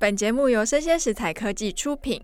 本節目由聲鮮時采科技出品。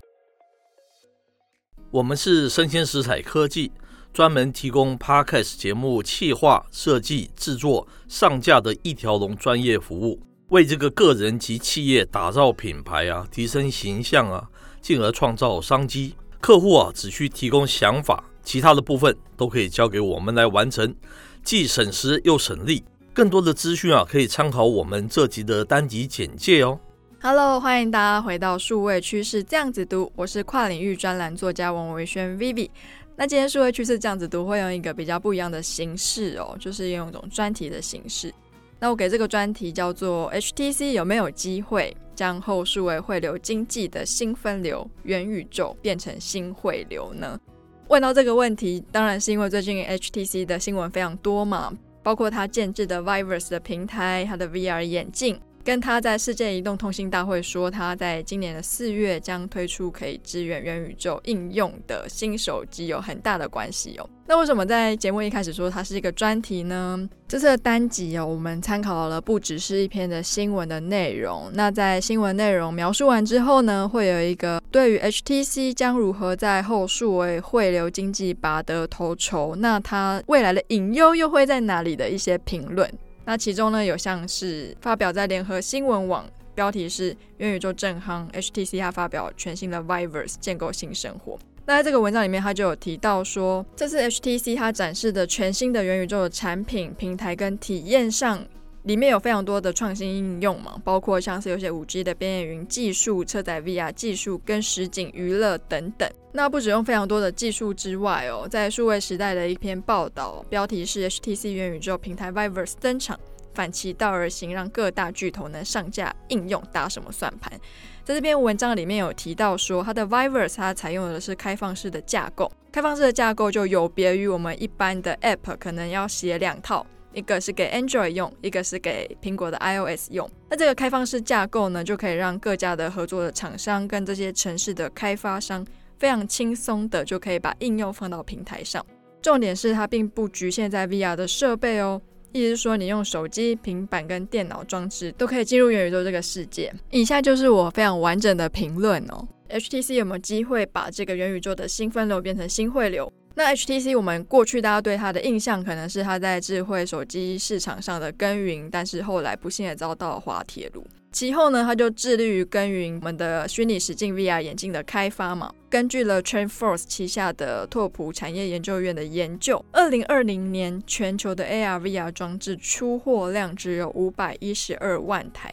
我們是聲鮮時采科技，專門提供 Podcast 節目企劃、設計、製作、上架的一條龍專業服務，為這個個人及企業打造品牌啊，提升形象啊，進而創造商機。客戶啊，只需提供想法，其他的部分都可以交給我們來完成，既省時又省力。更多的資訊啊，可以參考我們這集的單集簡介哦。Hello，歡迎大家回到數位趨勢這樣子讀，我是跨領域專欄作家王維軒 Vivi。那今天數位趨勢這樣子讀會用一個比較不一樣的形式哦，就是用一種專題的形式。那我給這個專題叫做 HTC 有沒有機會將後數位匯流經濟的新分流元宇宙變成新匯流呢？問到這個問題，當然是因為最近 HTC 的新聞非常多嘛，包括它建置的 Viverse 的平台，它的 VR 眼鏡。跟他在世界移動通信大會說，他在今年的四月將推出可以支援元宇宙應用的新手機有很大的關係哦。那為什麼在節目一開始說它是一個專題呢？這次的單集哦，我們參考了不只是一篇的新聞的內容。那在新聞內容描述完之後呢，會有一個對於 HTC 將如何在後數位匯流經濟拔得頭籌，那它未來的隱憂又會在哪裡的一些評論。那其中呢，有像是發表在聯合新聞網，標題是“元宇宙正航 ”，HTC 它發表全新的 Viverse 建構新生活。那在這個文章裡面，它就有提到說，這次 HTC 它展示的全新的元宇宙的產品、平台跟體驗上。裡面有非常多的創新應用嘛，包括像是有些 5G 的邊緣雲技術、車載 VR 技術跟實景娛樂等等。那不只用非常多的技術之外哦，在數位時代的一篇報道哦，標題是 HTC 元宇宙平台 Viverse 登場，反其道而行，讓各大巨頭能上架應用，打什麼算盤？在這篇文章裡面有提到說，它的 Viverse 它採用的是開放式的架構，開放式的架構就有別於我們一般的 App，可能要寫兩套。一個是給 Android 用，一個是給蘋果的 iOS 用。那這個開放式架構呢，就可以讓各家的合作的廠商跟這些城市的開發商非常輕鬆的就可以把應用放到平台上。重點是它並不局限在 VR 的設備哦，意思是說你用手機、平板跟電腦裝置都可以進入元宇宙這個世界。以下就是我非常完整的評論哦。HTC 有沒有機會把這個元宇宙的新分流變成新匯流？那 HTC 我們過去大家對它的印象可能是它在智慧手機市場上的耕耘，但是後來不幸也遭到了滑鐵盧。其後呢，它就致力於耕耘我們的虛擬實境 VR 眼鏡的開發嘛。根據了 TrendForce 旗下的拓普產業研究院的研究，二零二零年全球的 AR VR 裝置出貨量只有五百一十二萬台，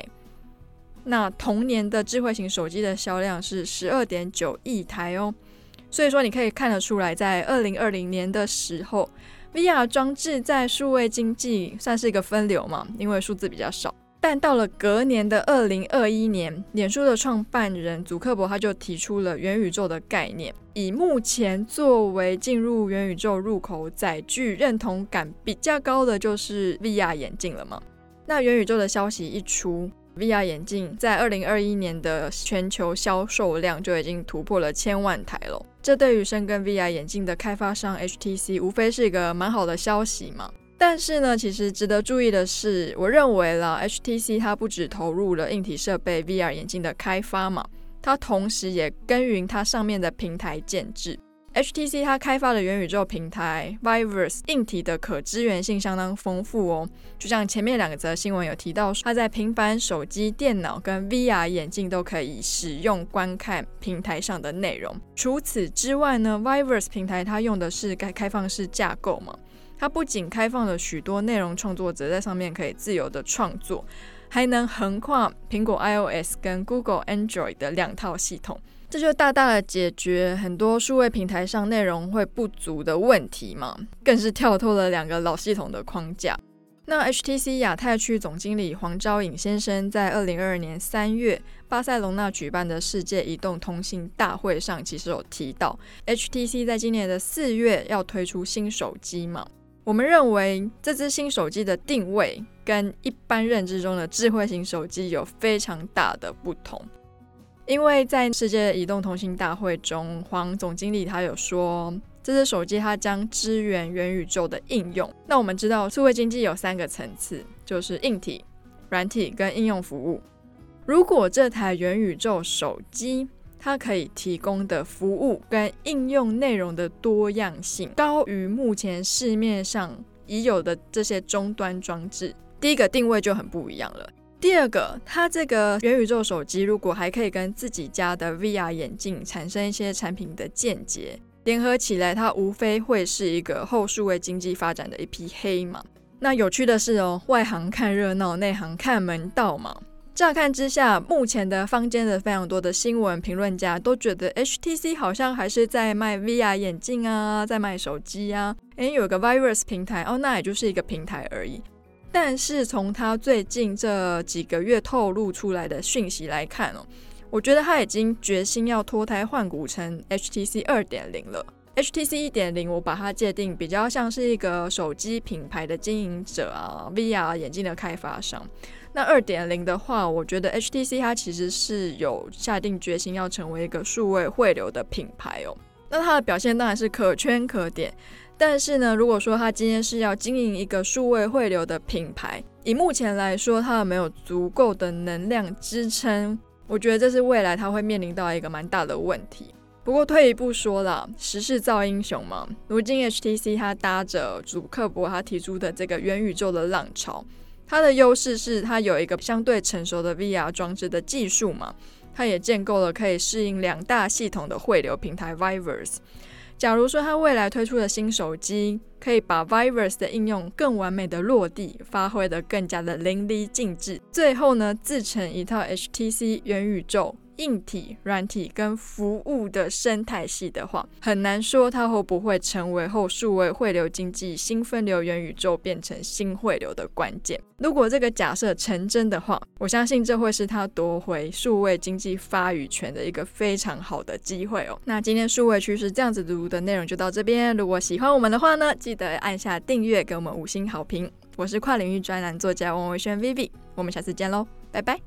那同年的智慧型手機的銷量是十二點九億台哦。所以說，你可以看得出來，在二零二零年的時候，VR 裝置在數位經濟算是一個分流嘛，因為數字比較少。但到了隔年的二零二一年，臉書的創辦人祖克伯他就提出了元宇宙的概念。以目前作為進入元宇宙入口載具，認同感比較高的就是 VR 眼鏡了嘛。那元宇宙的消息一出，VR 眼鏡在二零二一年的全球銷售量就已經突破了千萬台了，這對於深耕 VR 眼鏡的開發商 HTC 無非是一個蠻好的消息嘛。但是呢，其實值得注意的是，我認為啦，HTC 它不只投入了硬體設備 VR 眼鏡的開發嘛，它同時也耕耘它上面的平台建置。HTC 它開發的元宇宙平台 VIVERSE 硬體的可支援性，相當豐富哦，就像前面兩個則新聞有提到，它在平板、手機、電腦跟 VR 眼鏡都可以使用觀看平台上的內容。除此之外呢，VIVERSE 平台它用的是開放式架構嘛，它不僅開放了許多內容創作者在上面可以自由的創作，還能橫跨蘋果 iOS 跟 Google Android 的兩套系統。這就大大的解決很多數位平台上內容會不足的問題嘛，更是跳脫了兩個老系統的框架。那 HTC 亞太區總經理黃昭穎先生在二零二二年三月巴塞隆納舉辦的世界移動通信大會上，其實有提到 HTC 在今年的四月要推出新手機嘛。我們認為這支新手機的定位跟一般認知中的智慧型手機有非常大的不同。因為在世界移動通信大會中，黃總經理他有說，這支手機它將支援元宇宙的應用。那我們知道，數位經濟有三個層次，就是硬體、軟體跟應用服務。如果這台元宇宙手機它可以提供的服務跟應用內容的多樣性高於目前市面上已有的這些終端裝置，第一個定位就很不一樣了。第二個，它這個元宇宙手機如果還可以跟自己家的 VR 眼鏡產生一些產品的間接聯合起來，它無非會是一個後數位經濟發展的一匹黑馬。那有趣的是哦，外行看熱鬧，內行看門道嘛。乍看之下，目前的坊間的非常多的新聞評論家都覺得 HTC 好像還是在賣 VR 眼鏡啊，在賣手機啊，哎、欸，有個 Virus 平台哦，那也就是一個平台而已。但是從他最近這幾個月透露出來的訊息來看哦、喔，我覺得他已經決心要脫胎換骨成 HTC 二點零了。HTC 一點零，我把它界定比較像是一個手機品牌的經營者啊，VR 眼鏡的開發商。那二點零的話，我覺得 HTC 它其實是有下定決心要成為一個數位匯流的品牌哦、喔。那它的表現當然是可圈可點。但是呢，如果說他今天是要經營一個數位匯流的品牌，以目前來說，他沒有足夠的能量支撐，我覺得這是未來他會面臨到一個蠻大的問題。不過退一步說啦，時勢造英雄嘛。如今 HTC 他搭着祖克伯他提出的這個元宇宙的浪潮，它的優勢是它有一個相對成熟的 VR 裝置的技術嘛。它也建構了可以適應兩大系統的匯流平台 Viverse。假如說它未來推出的新手機，可以把 Viverse 的應用更完美的落地，發揮得更加的淋漓盡致。最後呢，自成一套 HTC 元宇宙。硬體、軟體跟服務的生態系的話，很難說它會不會成為後數位匯流經濟新分流，元宇宙變成新匯流的關鍵。如果這個假設成真的話，我相信這會是它奪回數位經濟發語權的一個非常好的機會哦。那今天數位趨勢這樣子讀的內容就到這邊。如果喜歡我們的話呢，記得按下訂閱，給我們五星好評。我是跨領域專欄作家王維軒 Vivi，我們下次見嘍，拜拜。